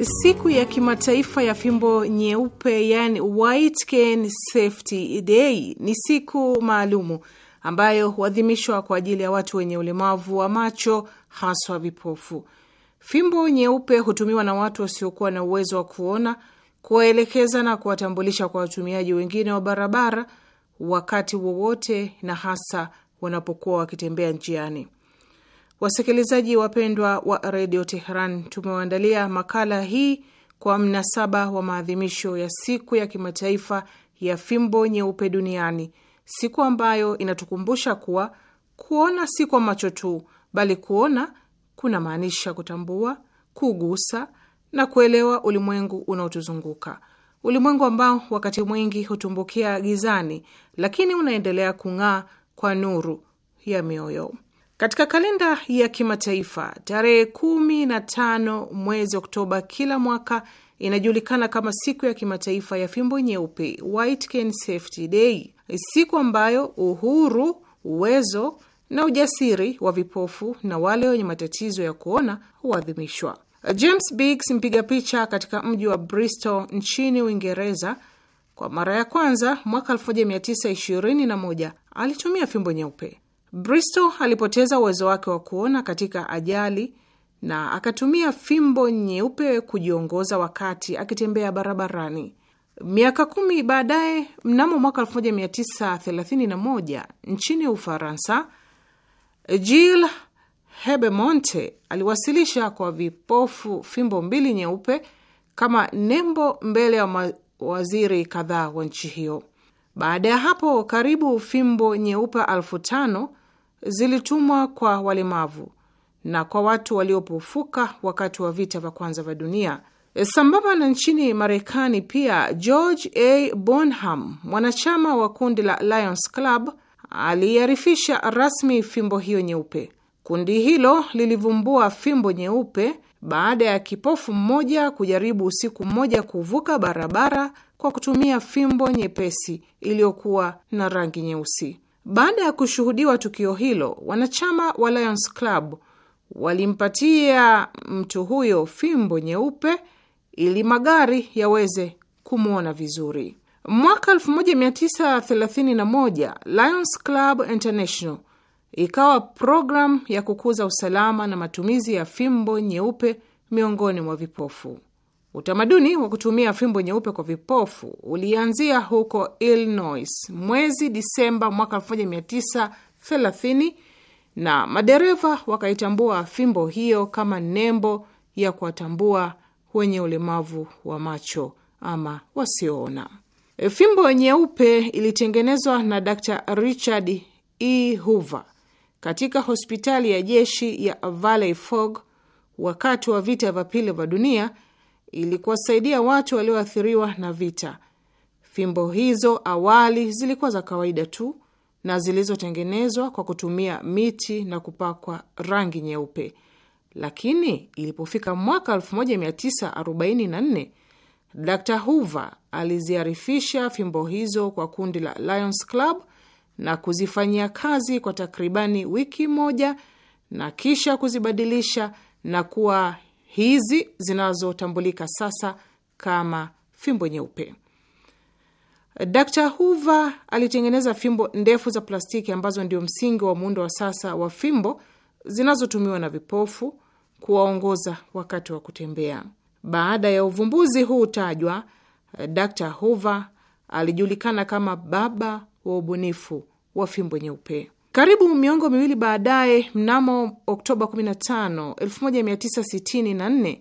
Siku ya kimataifa ya fimbo nyeupe, yani White Cane Safety Day, ni siku maalumu ambayo huadhimishwa kwa ajili ya watu wenye ulemavu wa macho, haswa vipofu. Fimbo nyeupe hutumiwa na watu wasiokuwa na uwezo wa kuona kuwaelekeza na kuwatambulisha kwa watumiaji wengine wa barabara wakati wowote, na hasa wanapokuwa wakitembea njiani. Wasikilizaji wapendwa wa redio Teheran, tumewaandalia makala hii kwa mnasaba wa maadhimisho ya siku ya kimataifa ya fimbo nyeupe duniani, siku ambayo inatukumbusha kuwa kuona si kwa macho tu, bali kuona kuna maanisha kutambua, kugusa na kuelewa ulimwengu unaotuzunguka, ulimwengu ambao wakati mwingi hutumbukia gizani, lakini unaendelea kung'aa kwa nuru ya mioyo. Katika kalenda ya kimataifa tarehe kumi na tano mwezi Oktoba kila mwaka inajulikana kama siku ya kimataifa ya fimbo nyeupe, White Cane Safety Day, siku ambayo uhuru, uwezo na ujasiri wa vipofu na wale wenye matatizo ya kuona huadhimishwa. James Biggs, mpiga picha katika mji wa Bristol nchini Uingereza, kwa mara ya kwanza mwaka 1921 alitumia fimbo nyeupe. Bristol alipoteza uwezo wake wa kuona katika ajali na akatumia fimbo nyeupe kujiongoza wakati akitembea barabarani. Miaka kumi baadaye, mnamo mwaka 1931 nchini Ufaransa, jil Hebemonte aliwasilisha kwa vipofu fimbo mbili nyeupe kama nembo mbele ya mawaziri kadhaa wa nchi hiyo. Baada ya hapo, karibu fimbo nyeupe alfu tano zilitumwa kwa walemavu na kwa watu waliopofuka wakati wa vita vya kwanza vya dunia. Sambamba na nchini Marekani pia, George A Bonham, mwanachama wa kundi la Lions Club, aliarifisha rasmi fimbo hiyo nyeupe. Kundi hilo lilivumbua fimbo nyeupe baada ya kipofu mmoja kujaribu usiku mmoja kuvuka barabara kwa kutumia fimbo nyepesi iliyokuwa na rangi nyeusi. Baada ya kushuhudiwa tukio hilo, wanachama wa Lions Club walimpatia mtu huyo fimbo nyeupe ili magari yaweze kumwona vizuri. Mwaka 1931 Lions Club International ikawa programu ya kukuza usalama na matumizi ya fimbo nyeupe miongoni mwa vipofu. Utamaduni wa kutumia fimbo nyeupe kwa vipofu ulianzia huko Illinois mwezi Disemba mwaka 1930 na madereva wakaitambua fimbo hiyo kama nembo ya kuwatambua wenye ulemavu wa macho ama wasioona. E, fimbo nyeupe ilitengenezwa na Dr Richard E Hoover katika hospitali ya jeshi ya Valley Forge wakati wa vita vya pili vya dunia ili kuwasaidia watu walioathiriwa na vita. Fimbo hizo awali zilikuwa za kawaida tu na zilizotengenezwa kwa kutumia miti na kupakwa rangi nyeupe, lakini ilipofika mwaka 1944 Dr. Hoover aliziarifisha fimbo hizo kwa kundi la Lions Club na kuzifanyia kazi kwa takribani wiki moja na kisha kuzibadilisha na kuwa hizi zinazotambulika sasa kama fimbo nyeupe. Dr. Hoover alitengeneza fimbo ndefu za plastiki ambazo ndio msingi wa muundo wa sasa wa fimbo zinazotumiwa na vipofu kuwaongoza wakati wa kutembea. Baada ya uvumbuzi huu tajwa, Dr. Hoover alijulikana kama baba wa ubunifu wa fimbo nyeupe. Karibu miongo miwili baadaye, mnamo Oktoba 15, 1964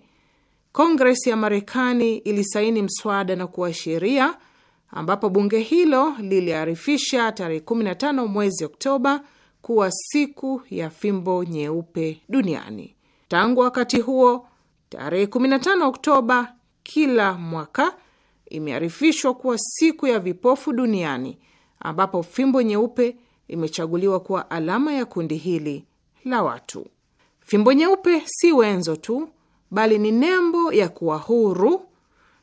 Kongres ya Marekani ilisaini mswada na kuwa sheria, ambapo bunge hilo liliarifisha tarehe 15 mwezi Oktoba kuwa siku ya fimbo nyeupe duniani. Tangu wakati huo, tarehe 15 Oktoba kila mwaka imearifishwa kuwa siku ya vipofu duniani ambapo fimbo nyeupe imechaguliwa kuwa alama ya kundi hili la watu. Fimbo nyeupe si wenzo tu, bali ni nembo ya kuwa huru,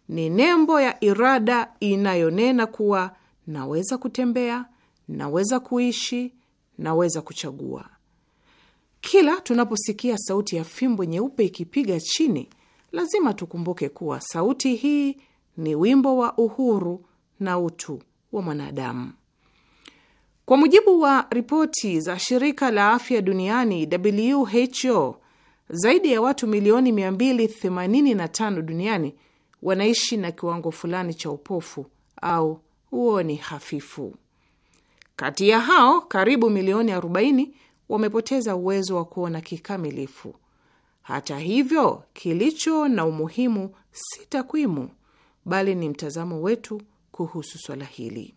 ni nembo ya irada inayonena kuwa naweza kutembea, naweza kuishi, naweza kuchagua. Kila tunaposikia sauti ya fimbo nyeupe ikipiga chini, lazima tukumbuke kuwa sauti hii ni wimbo wa uhuru na utu wa mwanadamu. Kwa mujibu wa ripoti za shirika la afya duniani WHO, zaidi ya watu milioni 285 duniani wanaishi na kiwango fulani cha upofu au uoni hafifu. Kati ya hao karibu milioni 40 wamepoteza uwezo wa kuona kikamilifu. Hata hivyo, kilicho na umuhimu si takwimu, bali ni mtazamo wetu kuhusu swala hili.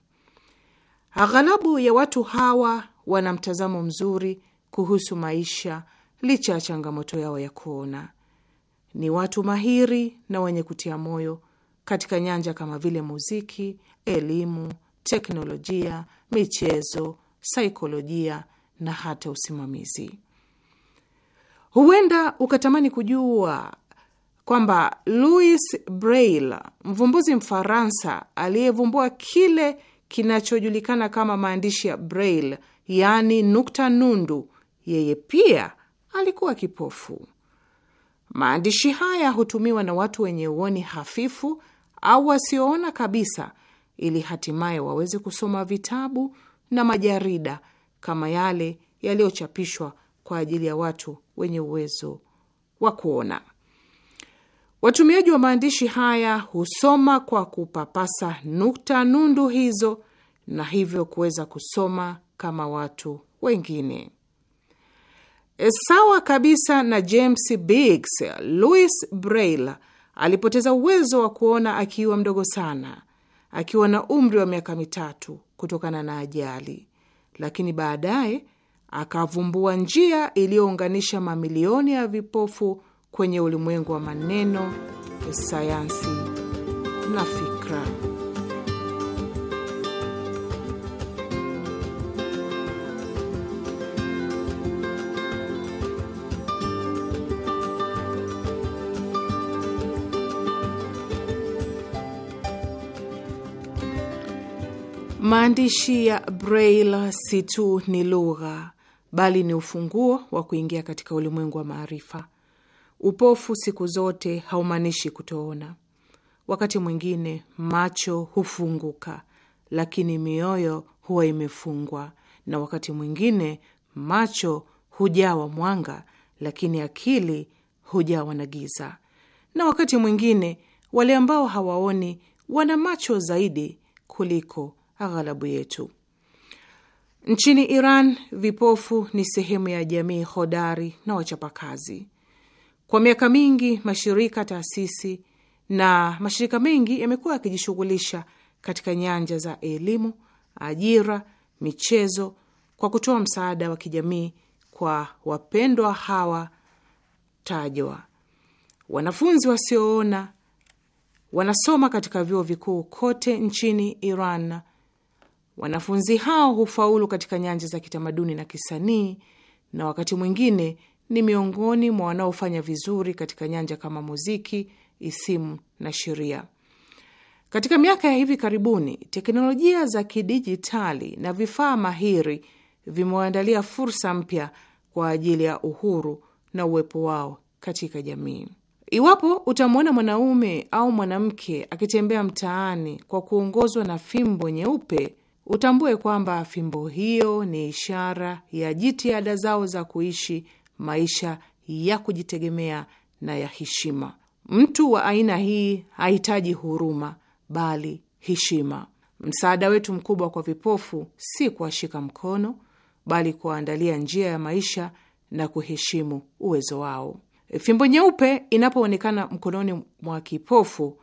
Aghalabu ya watu hawa wana mtazamo mzuri kuhusu maisha licha ya changamoto yao ya kuona. Ni watu mahiri na wenye kutia moyo katika nyanja kama vile muziki, elimu, teknolojia, michezo, saikolojia na hata usimamizi. Huenda ukatamani kujua kwamba Louis Braille, mvumbuzi Mfaransa aliyevumbua kile kinachojulikana kama maandishi ya Braille, yaani nukta nundu. Yeye pia alikuwa kipofu. Maandishi haya hutumiwa na watu wenye uoni hafifu au wasioona kabisa, ili hatimaye waweze kusoma vitabu na majarida kama yale yaliyochapishwa kwa ajili ya watu wenye uwezo wa kuona. Watumiaji wa maandishi haya husoma kwa kupapasa nukta nundu hizo na hivyo kuweza kusoma kama watu wengine. E, sawa kabisa na James Biggs, Louis Braille alipoteza uwezo wa kuona akiwa mdogo sana, akiwa na umri wa miaka mitatu kutokana na ajali, lakini baadaye akavumbua njia iliyounganisha mamilioni ya vipofu kwenye ulimwengu wa maneno, sayansi na fikra. Maandishi ya Braille si tu ni lugha, bali ni ufunguo wa kuingia katika ulimwengu wa maarifa. Upofu siku zote haumaanishi kutoona. Wakati mwingine macho hufunguka, lakini mioyo huwa imefungwa, na wakati mwingine macho hujawa mwanga, lakini akili hujawa na giza, na wakati mwingine wale ambao hawaoni wana macho zaidi kuliko aghalabu yetu. Nchini Iran, vipofu ni sehemu ya jamii hodari na wachapakazi. Kwa miaka mingi mashirika, taasisi na mashirika mengi yamekuwa yakijishughulisha katika nyanja za elimu, ajira, michezo kwa kutoa msaada wa kijamii kwa wapendwa hawa tajwa. Wanafunzi wasioona wanasoma katika vyuo vikuu kote nchini Iran. Wanafunzi hao hufaulu katika nyanja za kitamaduni na kisanii, na wakati mwingine ni miongoni mwa wanaofanya vizuri katika nyanja kama muziki, isimu na sheria. Katika miaka ya hivi karibuni, teknolojia za kidijitali na vifaa mahiri vimewaandalia fursa mpya kwa ajili ya uhuru na uwepo wao katika jamii. Iwapo utamwona mwanaume au mwanamke akitembea mtaani kwa kuongozwa na fimbo nyeupe, utambue kwamba fimbo hiyo ni ishara ya jitihada zao za kuishi maisha ya kujitegemea na ya heshima. Mtu wa aina hii hahitaji huruma, bali heshima. Msaada wetu mkubwa kwa vipofu si kuwashika mkono, bali kuwaandalia njia ya maisha na kuheshimu uwezo wao. Fimbo nyeupe inapoonekana mkononi mwa kipofu,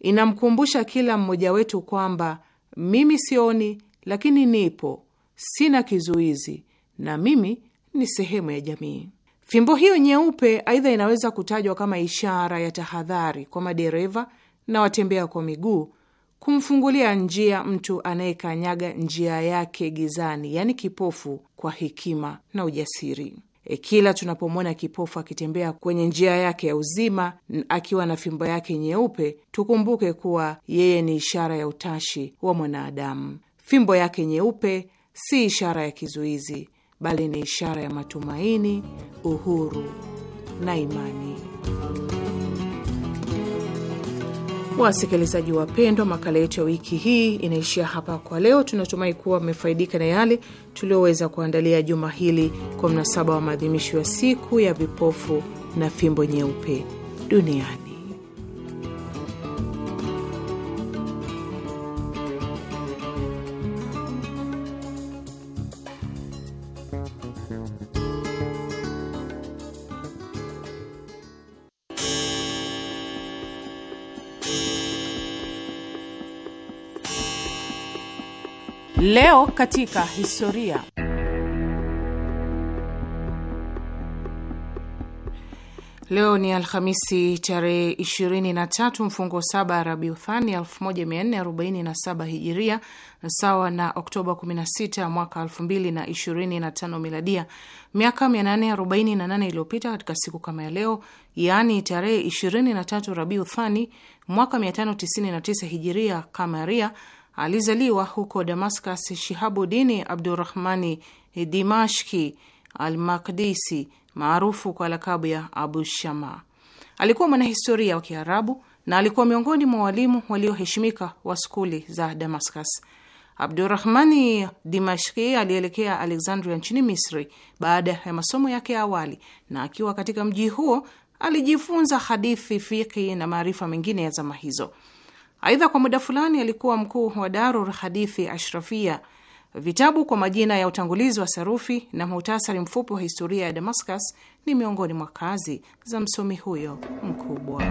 inamkumbusha kila mmoja wetu kwamba mimi sioni, lakini nipo, sina kizuizi, na mimi ni sehemu ya jamii. Fimbo hiyo nyeupe aidha inaweza kutajwa kama ishara ya tahadhari kwa madereva na watembea kwa miguu, kumfungulia njia mtu anayekanyaga njia yake gizani, yaani kipofu, kwa hekima na ujasiri. E, kila tunapomwona kipofu akitembea kwenye njia yake ya uzima akiwa na fimbo yake nyeupe, tukumbuke kuwa yeye ni ishara ya utashi wa mwanadamu. Fimbo yake nyeupe si ishara ya kizuizi, bali ni ishara ya matumaini, uhuru na imani. Wasikilizaji wapendwa, makala yetu ya wiki hii inaishia hapa kwa leo. Tunatumai kuwa mmefaidika na yale tulioweza kuandalia juma hili kwa mnasaba wa maadhimisho ya siku ya vipofu na fimbo nyeupe duniani. Leo katika historia. Leo ni Alhamisi tarehe 23 mfungo 7 Rabiuthani 1447 Hijiria, sawa na Oktoba 16 mwaka 2025 Miladia. Miaka 848 iliyopita katika siku kama ya leo, yaani tarehe 23 Rabiuthani mwaka 599 Hijiria kamaria Alizaliwa huko Damascus Shihabudini Abdurahmani Dimashki Almakdisi, maarufu kwa lakabu ya Abu Shama. Alikuwa mwanahistoria wa Kiarabu na alikuwa miongoni mwa walimu walioheshimika wa skuli za Damascus. Abdurahmani Dimashki alielekea Alexandria nchini Misri baada ya masomo yake ya awali, na akiwa katika mji huo alijifunza hadithi, fiki na maarifa mengine ya zama hizo. Aidha, kwa muda fulani alikuwa mkuu wa darur Hadithi Ashrafia. Vitabu kwa majina ya utangulizi wa sarufi na muhtasari mfupi wa historia ya Damascus ni miongoni mwa kazi za msomi huyo mkubwa.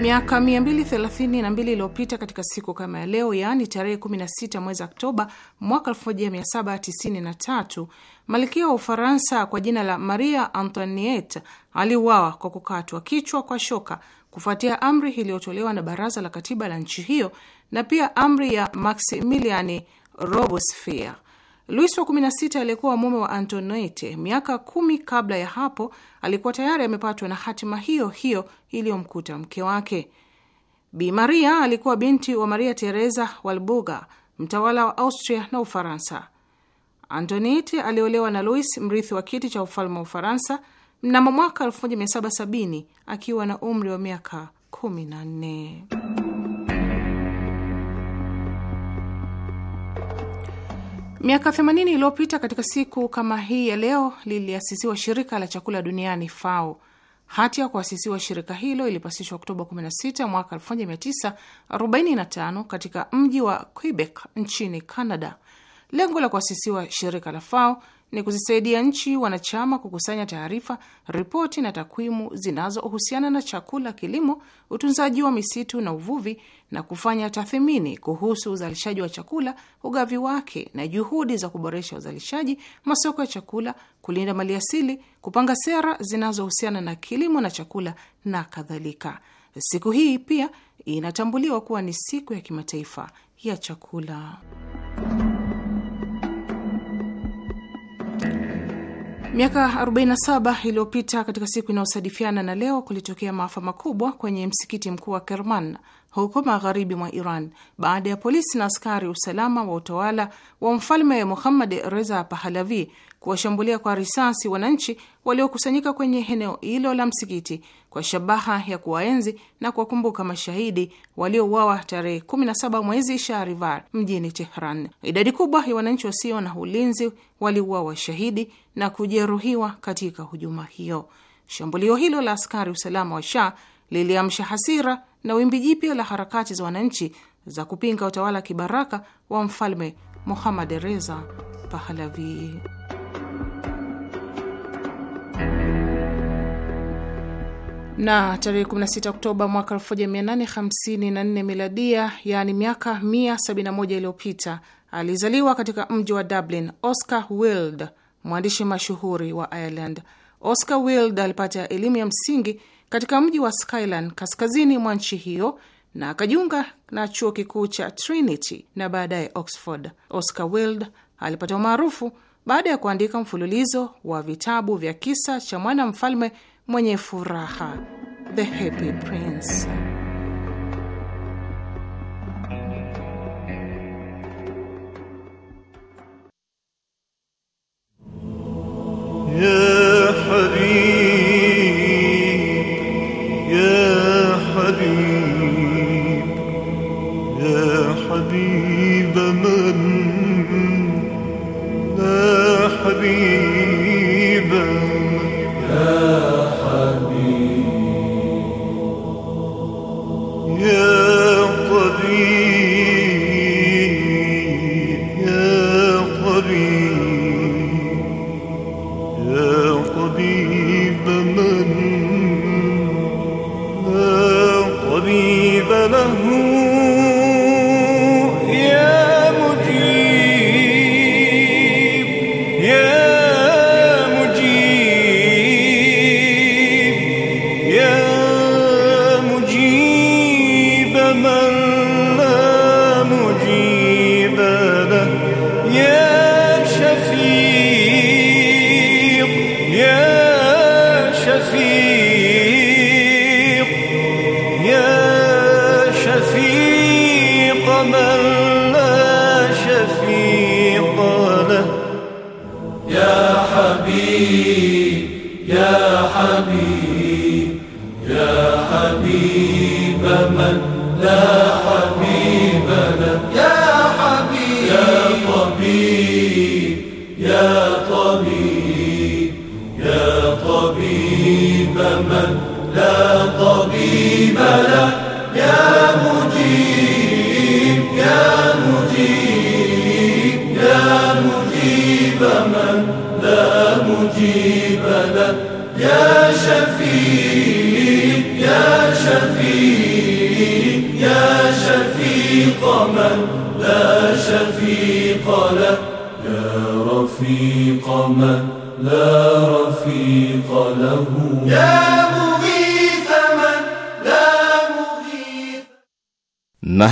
Miaka 232 iliyopita katika siku kama ya leo, yaani tarehe 16 mwezi Oktoba mwaka 1793, malkia wa Ufaransa kwa jina la Maria Antoinette aliuawa kwa kukatwa kichwa kwa shoka kufuatia amri iliyotolewa na baraza la katiba la nchi hiyo na pia amri ya Maximiliani Robespierre. Luis wa 16 aliyekuwa mume wa Antoinette miaka kumi kabla ya hapo alikuwa tayari amepatwa na hatima hiyo hiyo iliyomkuta mke wake. Bi Maria alikuwa binti wa Maria Teresa Walburga, mtawala wa Austria na Ufaransa. Antoinette aliolewa na Louis, mrithi wa kiti cha ufalme wa Ufaransa, mnamo mwaka 1770 akiwa na umri wa miaka 14. Miaka 80 iliyopita katika siku kama hii ya leo liliasisiwa shirika la chakula duniani FAO. Hati ya kuasisiwa shirika hilo ilipasishwa Oktoba 16 mwaka 1945 katika mji wa Quebec nchini Canada. Lengo la kuasisiwa shirika la FAO ni kuzisaidia nchi wanachama kukusanya taarifa, ripoti na takwimu zinazohusiana na chakula, kilimo, utunzaji wa misitu na uvuvi, na kufanya tathmini kuhusu uzalishaji wa chakula, ugavi wake, na juhudi za kuboresha uzalishaji, masoko ya chakula, kulinda maliasili, kupanga sera zinazohusiana na kilimo na chakula na kadhalika. Siku hii pia inatambuliwa kuwa ni siku ya kimataifa ya chakula. Miaka 47 iliyopita katika siku inayosadifiana na leo kulitokea maafa makubwa kwenye msikiti mkuu wa Kerman huko magharibi mwa Iran baada ya polisi na askari usalama wa utawala wa mfalme Muhammad Reza Pahalavi kuwashambulia kwa risasi wananchi waliokusanyika kwenye eneo hilo la msikiti kwa shabaha ya kuwaenzi na kuwakumbuka mashahidi waliouawa tarehe 17 mwezi Shahrivar mjini Tehran. Idadi kubwa ya wananchi wasio na ulinzi waliuawa shahidi na kujeruhiwa katika hujuma hiyo. Shambulio hilo la askari usalama wa Shah liliamsha hasira na wimbi jipya la harakati za wananchi za kupinga utawala kibaraka wa mfalme Mohammad Reza Pahlavi. na tarehe 16 Oktoba mwaka 1854 miladia, yaani miaka 171 iliyopita, alizaliwa katika mji wa Dublin Oscar Wilde, mwandishi mashuhuri wa Ireland. Oscar Wilde alipata elimu ya msingi katika mji wa Skyland kaskazini mwa nchi hiyo na akajiunga na chuo kikuu cha Trinity na baadaye Oxford. Oscar Wilde alipata umaarufu baada ya kuandika mfululizo wa vitabu vya kisa cha mwana mfalme mwenye furaha, the happy prince. حبيبا يا يا طبيب